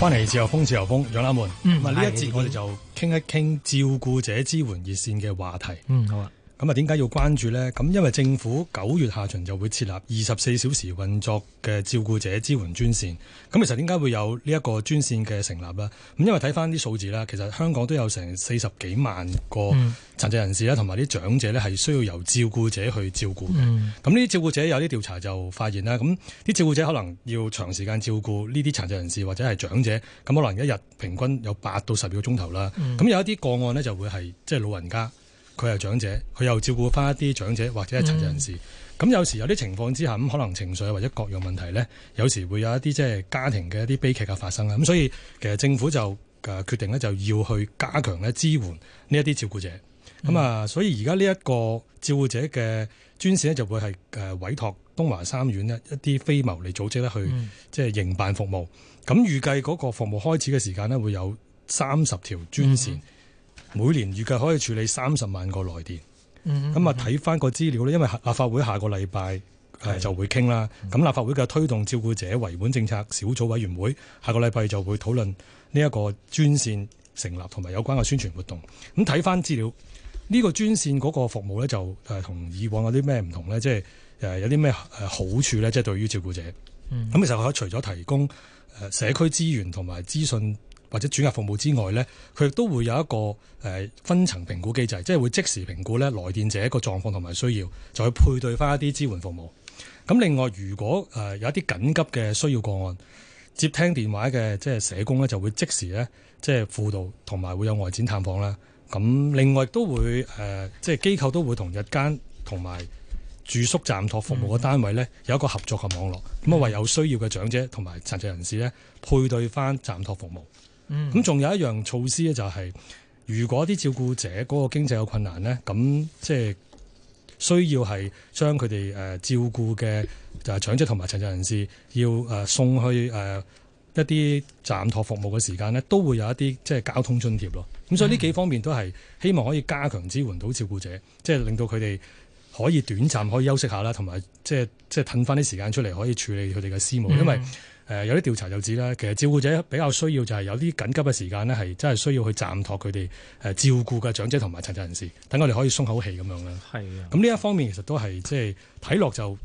翻嚟《自由風》，自由風，養懶們。咁啊、嗯，呢一節我哋就傾一傾照顧者支援熱線嘅話題。嗯，好啊。咁啊，點解要關注呢？咁因為政府九月下旬就會設立二十四小時運作嘅照顧者支援專線。咁、嗯、其實點解會有呢一個專線嘅成立咧？咁因為睇翻啲數字啦，其實香港都有成四十幾萬個殘疾人士啦，同埋啲長者咧係需要由照顧者去照顧嘅。咁呢啲照顧者有啲調查就發現啦，咁啲照顧者可能要長時間照顧呢啲殘疾人士或者係長者，咁可能一日平均有八到十二個鐘頭啦。咁、嗯、有一啲個案呢就會係即係老人家。佢係長者，佢又照顧翻一啲長者或者係殘疾人士。咁、嗯、有時有啲情況之下，咁可能情緒或者各樣問題呢，有時會有一啲即係家庭嘅一啲悲劇嘅發生啦。咁所以其實政府就誒決定呢，就要去加強咧支援呢一啲照顧者。咁、嗯、啊，所以而家呢一個照顧者嘅專線呢，就會係委託東華三院咧一啲非牟利組織呢去即係營辦服務。咁預計嗰個服務開始嘅時間呢，會有三十條專線。嗯嗯每年預計可以處理三十萬個來電，咁啊睇翻個資料咧，因為立法會下個禮拜誒就會傾啦。咁、mm hmm. 立法會嘅推動照顧者為本政策小組委員會下個禮拜就會討論呢一個專線成立同埋有關嘅宣傳活動。咁睇翻資料，呢、呢個專線嗰個服務呢，就誒同以往有啲咩唔同呢？即係誒有啲咩好處呢？即、就、係、係、對於照顧者，咁、mm hmm. 其實佢除咗提供誒社區資源同埋資訊。或者轉介服務之外呢，佢亦都會有一個誒分層評估機制，即係會即時評估呢來電者一個狀況同埋需要，就去配對翻一啲支援服務。咁另外，如果誒有一啲緊急嘅需要個案接聽電話嘅，即係社工呢就會即時呢即係輔導，同埋會有外展探訪啦。咁另外都會誒即係機構都會同日間同埋住宿暫托服務嘅單位呢，有一個合作嘅網絡，咁啊為有需要嘅長者同埋殘疾人士呢，配對翻暫托服務。咁仲、嗯、有一樣措施咧、就是，就係如果啲照顧者嗰個經濟有困難咧，咁即係需要係將佢哋誒照顧嘅就係、是、長者同埋殘疾人士，要誒送去誒一啲暫託服務嘅時間咧，都會有一啲即係交通津貼咯。咁所以呢幾方面都係希望可以加強支援到照顧者，即係、嗯、令到佢哋可以短暫可以休息下啦，同埋即係即係褪返啲時間出嚟，可以處理佢哋嘅私務，嗯、因為。誒、呃、有啲調查就指啦，其實照顧者比較需要就係有啲緊急嘅時間咧，係真係需要去暫託佢哋誒照顧嘅長者同埋殘疾人士，等佢哋可以鬆口氣咁樣啦。係啊的，咁呢、嗯、一方面其實都係即係睇落就。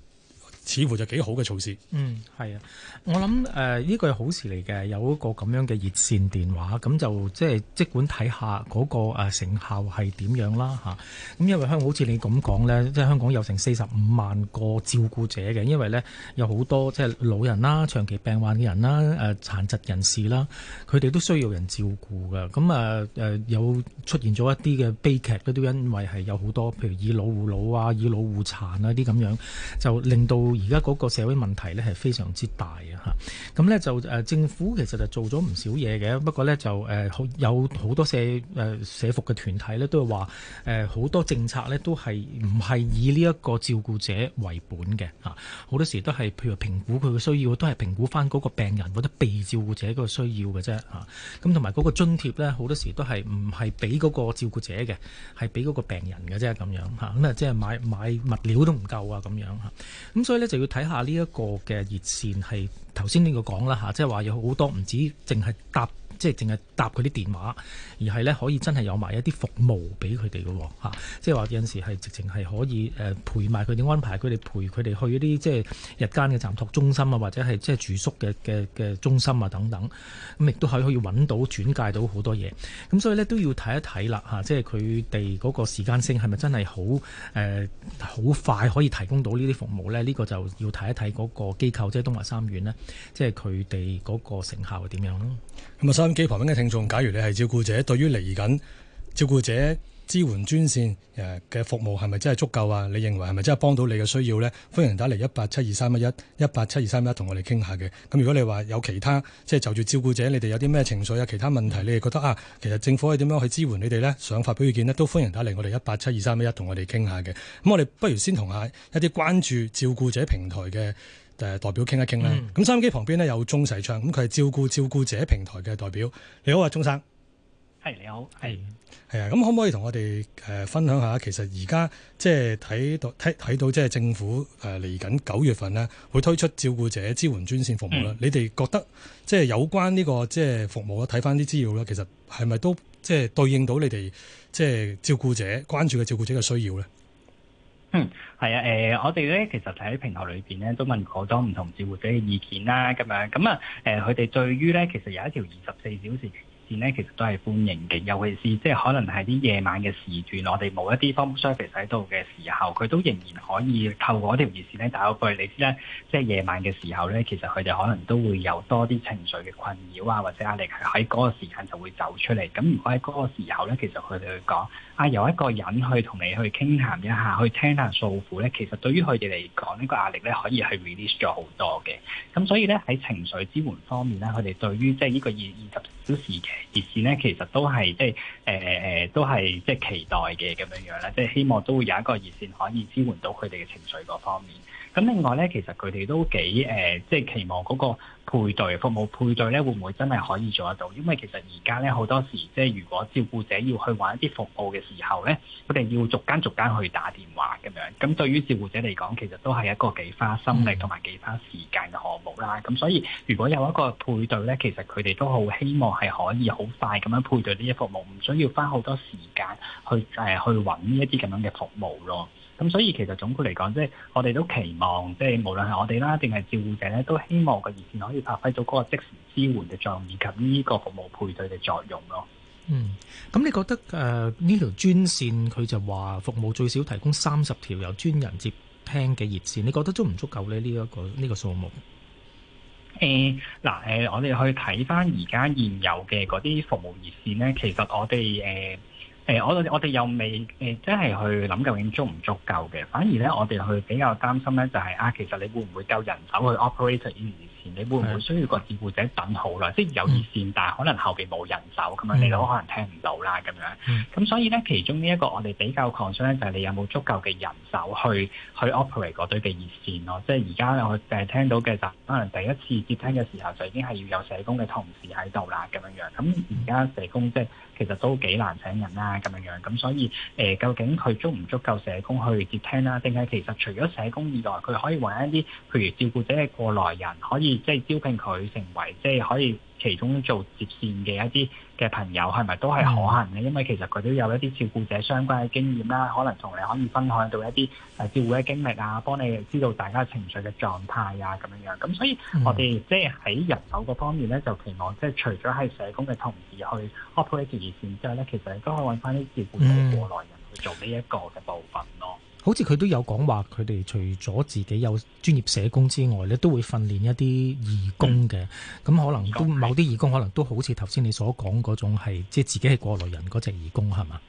似乎就幾好嘅措施。嗯，係啊，我諗誒呢個係好事嚟嘅，有一個咁樣嘅熱線電話，咁就即係即管睇下嗰個誒、呃、成效係點樣啦吓，咁、啊、因為香港好似你咁講咧，即係香港有成四十五萬個照顧者嘅，因為咧有好多即係老人啦、長期病患嘅人啦、誒、呃、殘疾人士啦，佢哋都需要人照顧嘅。咁啊誒、呃、有出現咗一啲嘅悲劇，都因為係有好多譬如以老護老啊、以老護殘啊啲咁樣就令到。而家嗰個社會問題咧係非常之大嘅吓。咁咧就誒政府其實就做咗唔少嘢嘅，不過咧就誒好、呃、有好多社誒、呃、社服嘅團體咧都係話誒好多政策咧都係唔係以呢一個照顧者為本嘅吓，好、啊、多時都係譬如評估佢嘅需要都係評估翻嗰個病人或者被照顧者個需要嘅啫吓咁同埋嗰個津貼咧好多時都係唔係俾嗰個照顧者嘅，係俾嗰個病人嘅啫咁樣吓，咁啊，啊即係買買物料都唔夠啊咁樣吓。咁、啊啊啊、所以咧。就要睇下呢一個嘅熱線，係頭先呢個講啦吓，即係話有好多唔止淨係搭。即係淨係搭佢啲電話，而係咧可以真係有埋一啲服務俾佢哋嘅喎嚇，即係話有陣時係直情係可以誒、呃、陪埋佢哋安排佢哋陪佢哋去一啲即係日間嘅暫託中心啊，或者係即係住宿嘅嘅嘅中心啊等等，咁、嗯、亦都可以可以揾到轉介到好多嘢，咁、啊、所以咧都要睇一睇啦嚇，即係佢哋嗰個時間性係咪真係好誒好快可以提供到呢啲服務咧？呢、呢個就要睇一睇嗰個機構即係東華三院咧，即係佢哋嗰個成效係點樣咯。咁啊，收。機旁邊嘅聽眾，假如你係照顧者，對於嚟緊照顧者支援專線誒嘅服務係咪真係足夠啊？你認為係咪真係幫到你嘅需要呢？歡迎打嚟一八七二三一一八七二三一同我哋傾下嘅。咁如果你話有其他，即係就住照顧者，你哋有啲咩情緒啊，其他問題，你哋覺得啊，其實政府可以點樣去支援你哋呢？想發表意見呢，都歡迎打嚟我哋一八七二三一一同我哋傾下嘅。咁我哋不如先同下一啲關注照顧者平台嘅。誒代表傾一傾啦。咁收音機旁邊咧有鍾世昌，咁佢係照顧照顧者平台嘅代表。你好啊，鍾生。係你好，係係啊。咁可唔可以同我哋誒分享下？其實而家即係睇到睇睇到，即係政府誒嚟緊九月份呢，會推出照顧者支援專線服務啦。嗯、你哋覺得即係有關呢個即係服務睇翻啲資料咧，其實係咪都即係對應到你哋即係照顧者關注嘅照顧者嘅需要咧？嗯，係啊，誒、呃，我哋咧其實喺平台裏邊咧都問過咗唔同照顧者嘅意見啦，咁樣，咁啊，誒、呃，佢、呃、哋對於咧其實有一條二十四小時。其實都係歡迎嘅，尤其是即係可能係啲夜晚嘅時段，我哋冇一啲 phone service 喺度嘅時候，佢都仍然可以透過一條熱線咧打過去，你知咧，即係夜晚嘅時候咧，其實佢哋可能都會有多啲情緒嘅困擾啊，或者壓力喺嗰個時間就會走出嚟。咁如果喺嗰個時候咧，其實佢哋講啊，有一個人去同你去傾談一下，去聽下訴苦咧，其實對於佢哋嚟講，呢個壓力咧可以係 release 咗好多嘅。咁所以咧喺情緒支援方面咧，佢哋對於即係呢個二二十小時嘅。熱線咧，其實都係即係誒誒誒，都係即係期待嘅咁樣樣啦。即係希望都會有一個熱線可以支援到佢哋嘅情緒嗰方面。咁另外咧，其實佢哋都幾誒，即、呃、係期望嗰個配對服務配對咧，會唔會真係可以做得到？因為其實而家咧，好多時，即係如果照顧者要去揾一啲服務嘅時候咧，佢哋要逐間逐間去打電話咁樣。咁對於照顧者嚟講，其實都係一個幾花心力同埋幾花時間嘅項目啦。咁所以，如果有一個配對咧，其實佢哋都好希望係可以好快咁樣配對呢啲服務，唔需要花好多時間去誒、呃、去揾一啲咁樣嘅服務咯。咁所以其實總括嚟講，即係我哋都期望，即係無論係我哋啦，定係照顧者咧，都希望個熱線可以發揮到嗰個即時支援嘅作用，以及呢個服務配對嘅作用咯。嗯，咁你覺得誒呢條專線佢就話服務最少提供三十條由專人接聽嘅熱線，你覺得足唔足夠咧？呢一個呢個數目？誒嗱誒，我哋去睇翻而家現有嘅嗰啲服務熱線咧，其實我哋誒。呃誒、呃、我我哋又未誒、呃、真係去諗究竟足唔足夠嘅，反而咧我哋去比較擔心咧就係、是、啊，其實你會唔會夠人手去 operate 呢啲？你會唔會需要個照顧者等好耐？即係有熱線，但係可能後邊冇人手咁樣， 你都可能聽唔到啦咁樣。咁 所以咧，其中呢一個我哋比較 concern 咧，就係你有冇足夠嘅人手去去 operate 嗰堆嘅熱線咯。即係而家咧，我淨係聽到嘅就可能第一次接聽嘅時候就已經係要有社工嘅同事喺度啦咁樣樣。咁而家社工即係其實都幾難請人啦咁樣樣。咁所以誒、呃，究竟佢足唔足夠社工去接聽啦、啊？定係其實除咗社工以外，佢可以揾一啲譬如照顧者嘅過來人可以。即係招聘佢成為即係可以其中做接線嘅一啲嘅朋友，係咪都係可行嘅？因為其實佢都有一啲照顧者相關嘅經驗啦，可能同你可以分享到一啲誒照顧嘅經歷啊，幫你知道大家情緒嘅狀態啊咁樣樣。咁所以我哋、嗯、即係喺人手嗰方面咧，就期望即係除咗係社工嘅同事去 operate 接線之外咧，其實亦都可以揾翻啲照顧者過來人去做呢一個嘅部分咯。嗯嗯。好似佢都有講話，佢哋除咗自己有專業社工之外，呢都會訓練一啲義工嘅。咁可能都某啲義工可能都好似頭先你所講嗰種，係即係自己係過來人嗰隻義工，係嘛？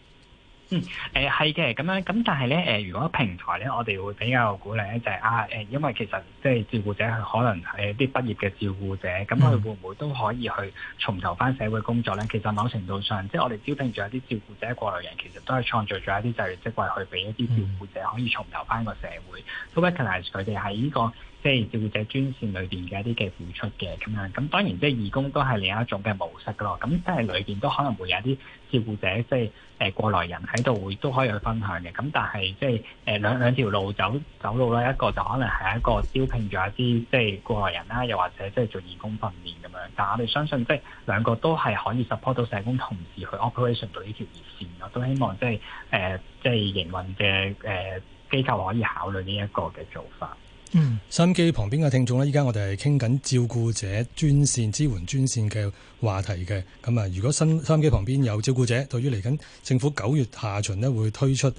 嗯，誒係嘅，咁樣，咁但係咧，誒、呃、如果平台咧，我哋會比較鼓勵咧，就係、是、啊，誒、呃，因為其實即係照顧者佢可能係一啲畢業嘅照顧者，咁佢會唔會都可以去從頭返社會工作咧？其實某程度上，即係我哋招聘咗一啲照顧者過來人，其實都係創造咗一啲就業職位，去俾一啲照顧者可以從頭返個社會，都 recognise 佢哋喺呢個，即係照顧者專線裏邊嘅一啲嘅付出嘅咁樣，咁當然即係義工都係另一種嘅模式咯。咁即係裏邊都可能會有啲照顧者，即係誒過來人喺度會都可以去分享嘅。咁但係即係誒兩兩條路走走路啦，一個就可能係一個招聘咗一啲即係過來人啦，又或者即係做義工訓練咁樣。但我哋相信即係兩個都係可以 support 到社工同事去 operation 到呢條熱線。我都希望即係誒即係營運嘅誒、呃、機構可以考慮呢一個嘅做法。嗯，收音機旁邊嘅聽眾呢，依家我哋係傾緊照顧者專線支援專線嘅話題嘅。咁啊，如果新收音機旁邊有照顧者，對於嚟緊政府九月下旬呢會推出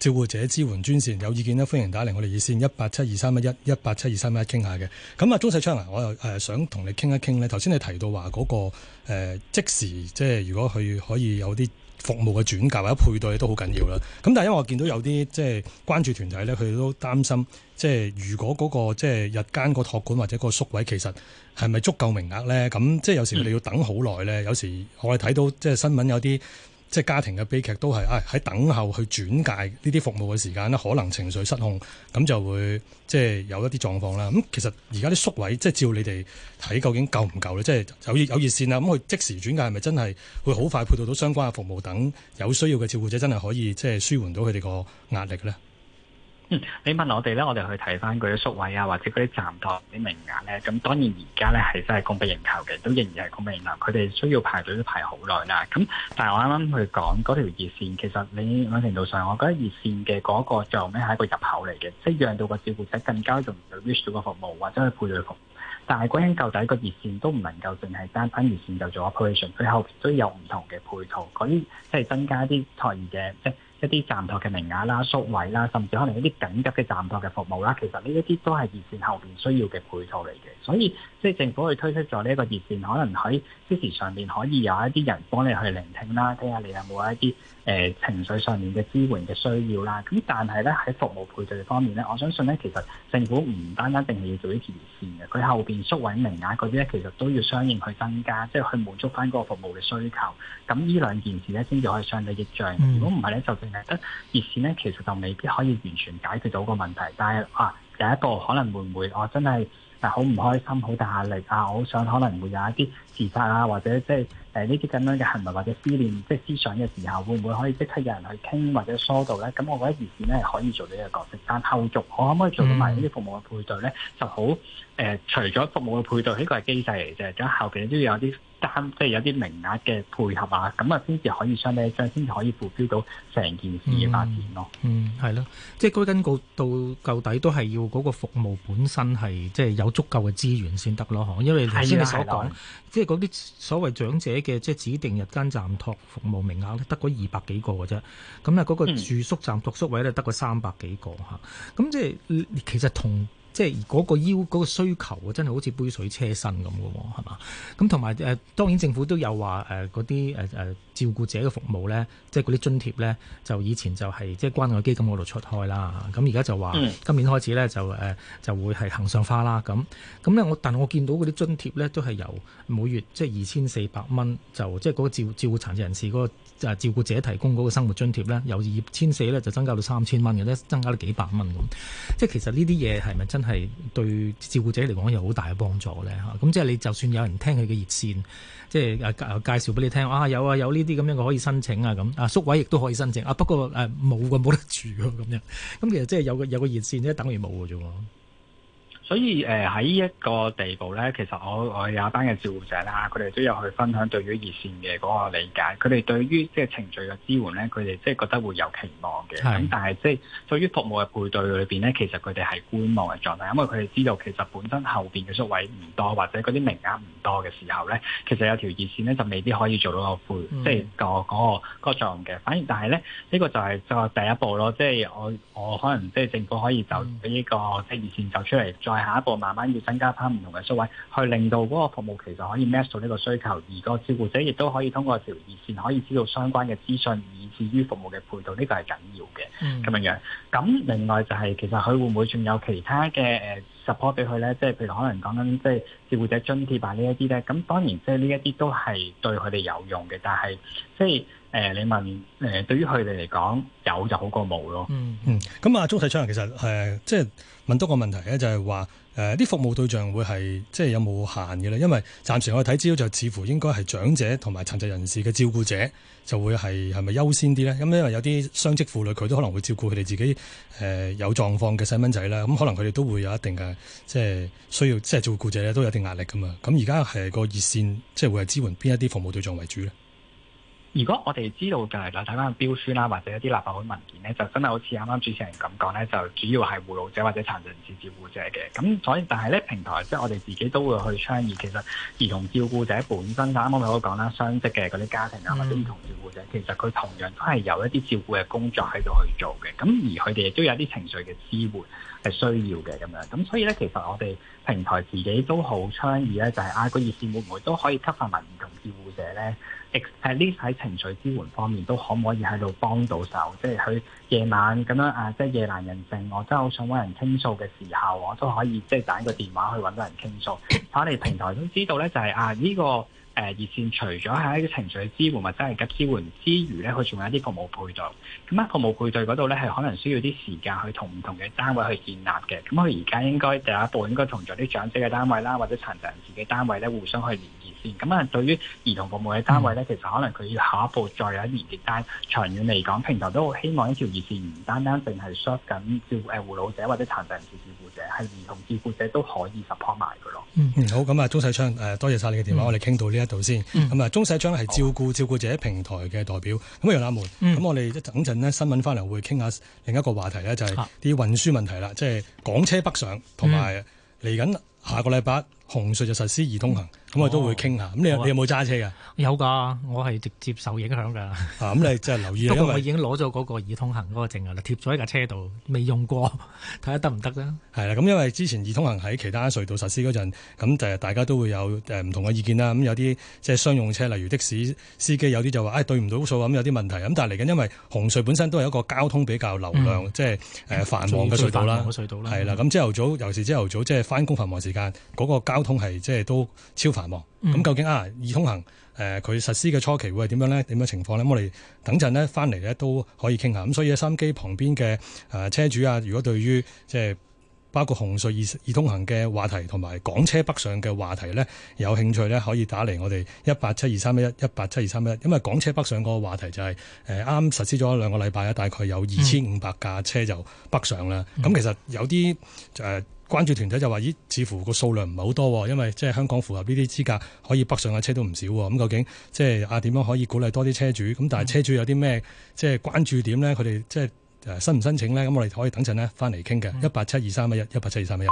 照顧者支援專線，有意見呢，歡迎打嚟我哋熱線一八七二三一一，一八七二三一傾下嘅。咁啊，鍾世昌啊，我又誒想同你傾一傾呢。頭先你提到話嗰個誒即時，即係如果佢可以有啲。服務嘅轉介或者配對都好緊要啦。咁但係因為我見到有啲即係關注團體咧，佢都擔心即係如果嗰、嗰個即係日間個託管或者個宿位，其實係咪足夠名額咧？咁即係有時佢哋要等好耐咧。嗯、有時我哋睇到即係新聞有啲。即係家庭嘅悲劇都係啊，喺、哎、等候去轉介呢啲服務嘅時間咧，可能情緒失控，咁就會即係有一啲狀況啦。咁、嗯、其實而家啲宿位，即係照你哋睇，究竟夠唔夠咧？即係有有熱線啦、啊，咁佢即時轉介係咪真係會好快配到到相關嘅服務等有需要嘅照顧者，真係可以即係舒緩到佢哋個壓力呢？嗯，你問我哋咧，我哋去睇翻嗰啲宿位啊，或者嗰啲暫託啲名額咧，咁當然而家咧係真係供不應求嘅，都仍然係供不應求，佢哋需要排隊都排好耐啦。咁但係我啱啱去講嗰條熱線，其實你某程度上，我覺得熱線嘅嗰個作用係一個入口嚟嘅，即係讓到個照顧者更加容易去 reach 到個服務或者係配對嘅服務。但係歸根究底個熱線都唔能夠淨係單單熱線就做 operation，佢後邊都有唔同嘅配套，嗰啲即係增加啲多元嘅即係。一啲暫託嘅名額啦、宿位啦，甚至可能一啲緊急嘅暫託嘅服務啦，其實呢一啲都係熱線後邊需要嘅配套嚟嘅，所以即係政府去推出咗呢一個熱線，可能喺支持上面可以有一啲人幫你去聆聽啦，睇下你有冇一啲誒情緒上面嘅支援嘅需要啦。咁但係咧喺服務配對方面咧，我相信咧其實政府唔單單淨係要做呢條熱線嘅，佢後邊宿位名額嗰啲咧，其實都要相應去增加，即係去滿足翻嗰個服務嘅需求。咁呢兩件事咧先至可以相得益彰。如果唔係咧，就。得熱線咧，其實就未必可以完全解決到個問題，但係啊，有一個可能會唔會我、啊、真係誒好唔開心、好大壓力啊，我好想可能會有一啲自殺啊，或者即係誒呢啲咁樣嘅行為或者思念即係思想嘅時候，會唔會可以即刻有人去傾或者疏導咧？咁我覺得熱線咧係可以做呢個角色，但後續我可唔可以做到埋呢啲服務嘅配對咧，就好誒、呃？除咗服務嘅配對，呢、這個係機制嚟嘅，就係將後邊都要有啲。單即係有啲名額嘅配合啊，咁啊先至可以相得益彰，先至可以付標到成件事嘅發展咯。嗯，嗯，係咯，即係嗰個歸根到究底都係要嗰個服務本身係即係有足夠嘅資源先得咯，嚇。因為頭先你所講，即係嗰啲所謂長者嘅即係指定日間暫託服務名額咧，得嗰二百幾個嘅啫。咁啊，嗰個住宿暫託宿位咧，得嗰三百幾個嚇。咁即係其實同。即係嗰個要嗰、嗰個需求啊，真係好似杯水車薪咁嘅喎，係嘛？咁同埋誒，當然政府都有話誒嗰啲誒誒。呃照顧者嘅服務咧，即係嗰啲津貼咧，就以前就係即係關愛基金嗰度出開啦。咁而家就話今年開始咧，就誒、呃、就會係恆常化啦。咁咁咧，但我但係我見到嗰啲津貼咧，都係由每月即係二千四百蚊，就即係嗰個照照顧殘疾人士嗰、那個、啊、照顧者提供嗰個生活津貼咧，由二千四咧就增加到三千蚊嘅咧，增加咗幾百蚊咁。即係其實呢啲嘢係咪真係對照顧者嚟講有好大嘅幫助咧？嚇、啊，咁即係你就算有人聽佢嘅熱線。即係介介紹俾你聽啊，有啊有呢啲咁樣嘅可以申請啊，咁啊宿位亦都可以申請啊，不過誒冇㗎冇得住㗎咁樣，咁其實即係有個有個熱線即係等於冇㗎啫喎。所以誒喺呢一個地步咧，其實我我有一班嘅照顧者啦，佢哋都有去分享對於熱線嘅嗰個理解。佢哋對於即係程序嘅支援咧，佢哋即係覺得會有期望嘅。咁是、嗯、但係即係對於服務嘅配對裏邊咧，其實佢哋係觀望嘅狀態，因為佢哋知道其實本身後邊嘅宿位唔多，或者嗰啲名額唔多嘅時候咧，其實有條熱線咧就未必可以做到、嗰個配，即係、嗯嗰個嗰、嗰個嗰、嗰個作用嘅。反而但係咧，呢、呢個就係就第一步咯。即、就、係、是、我我可能即係政府可以、呢個、就呢個嘅熱線走出嚟下一步慢慢要增加翻唔同嘅宿位，去令到嗰個服務其實可以 match 到呢個需求，而個照顧者亦都可以通過條熱線可以知道相關嘅資訊，以至於服務嘅配套，呢、這個係緊要嘅嗯咁樣樣。咁另外就係、是、其實佢會唔會仲有其他嘅誒 support 俾佢咧？即係譬如可能講緊即係照顧者津貼啊一呢一啲咧。咁當然即係呢一啲都係對佢哋有用嘅，但係即係。誒、呃，你問誒、呃，對於佢哋嚟講，有就好過冇咯、嗯。嗯嗯，咁啊，鍾世昌，其實誒，即、呃、係、就是、問多個問題咧，就係話誒，啲、呃、服務對象會係即係有冇限嘅咧？因為暫時我睇資料就似乎應該係長者同埋殘疾人士嘅照顧者就會係係咪優先啲咧？咁因為有啲雙職婦女，佢都可能會照顧佢哋自己誒、呃、有狀況嘅細蚊仔啦。咁可能佢哋都會有一定嘅即係需要即係照顧者咧，都有一定壓力㗎嘛。咁而家係個熱線即係會係支援邊一啲服務對象為主咧？如果我哋知道就係睇翻標書啦、啊，或者一啲立法會文件咧，就真係好似啱啱主持人咁講咧，就主要係護老者或者殘疾人士照顧者嘅。咁所以，但係咧平台即係我哋自己都會去倡議，其實兒童照顧者本身，就啱啱我講啦，雙職嘅嗰啲家庭啊，或者兒童照顧者，其實佢同樣都係有一啲照顧嘅工作喺度去做嘅。咁而佢哋亦都有啲情緒嘅支援係需要嘅咁樣。咁所以咧，其實我哋平台自己都好倡議咧，就係、是、啊，個熱線會唔會都可以給翻兒童照顧者咧？e x s t 喺情緒支援方面都可唔可以喺度幫到手？即係佢夜晚咁樣啊，即係夜難人靜，我真係好想揾人傾訴嘅時候，我都可以即係打一個電話去揾到人傾訴。我哋平台都知道呢，就係啊呢個誒熱線除咗係一啲情緒支援，或者係急支援之餘咧，佢仲有一啲服務配對。咁啊服務配對嗰度呢，係可能需要啲時間去同唔同嘅單位去建立嘅。咁佢而家應該第一步應該同咗啲長者嘅單位啦，或者殘疾人士嘅單位呢，互相去咁啊，對於兒童服務嘅單位咧，其實可能佢要下一步再有啲連結，但係長遠嚟講，平台都希望呢條熱線唔單單淨係 serve 緊照誒護老者或者殘疾人士照顧者，係兒童照顧者都可以 support 埋佢咯。嗯，好，咁啊，鍾世昌誒、呃，多謝晒你嘅電話，嗯、我哋傾到呢一度先。咁啊、嗯，鍾世昌係照顧照顧者平台嘅代表。咁啊、嗯，楊亞梅。咁、嗯、我哋一等陣咧新聞翻嚟會傾下另一個話題呢就係、是、啲運輸問題啦，啊、即係港車北上同埋嚟緊下個禮拜。紅隧就實施易通行，咁、嗯、我都會傾下。咁、哦、你有你有冇揸車㗎？有㗎，我係直接受影響㗎。 啊，咁你即係留意。 不過我已經攞咗嗰個易通行嗰個證㗎，貼咗喺架車度，未用過，睇下得唔得啦？係啦，咁因為之前易通行喺其他隧道實施嗰陣，咁就係大家都會有誒唔同嘅意見啦。咁有啲即係商用車，例如的士司機，有啲就話誒對唔到數咁有啲問題。咁但係嚟緊，因為紅隧本身都係一個交通比較流量即係誒繁忙嘅隧道啦，係啦。咁朝頭早尤其朝頭早即係翻工繁忙時間嗰、那個、交交通係即係都超繁忙，咁、嗯嗯、究竟啊易通行誒，佢、呃、實施嘅初期會係點樣咧？點樣情況咧、嗯？我哋等陣呢翻嚟咧都可以傾下。咁、嗯、所以三機旁邊嘅誒車主啊，如果對於即係包括紅隧易易通行嘅話題，同埋港車北上嘅話題咧，有興趣咧，可以打嚟我哋一八七二三一一一八七二三一一。因為港車北上嗰個話題就係誒啱實施咗兩個禮拜啊，大概有二千五百架車就北上啦。咁、嗯嗯、其實有啲誒。呃關注團體就話：咦，似乎個數量唔係好多，因為即係香港符合呢啲資格可以北上嘅車都唔少。咁、嗯、究竟即係啊？點樣可以鼓勵多啲車主？咁但係車主有啲咩即係關注點呢？佢哋即係申唔申請呢？咁我哋可以等陣呢翻嚟傾嘅一八七二三一一，一八七二三一一。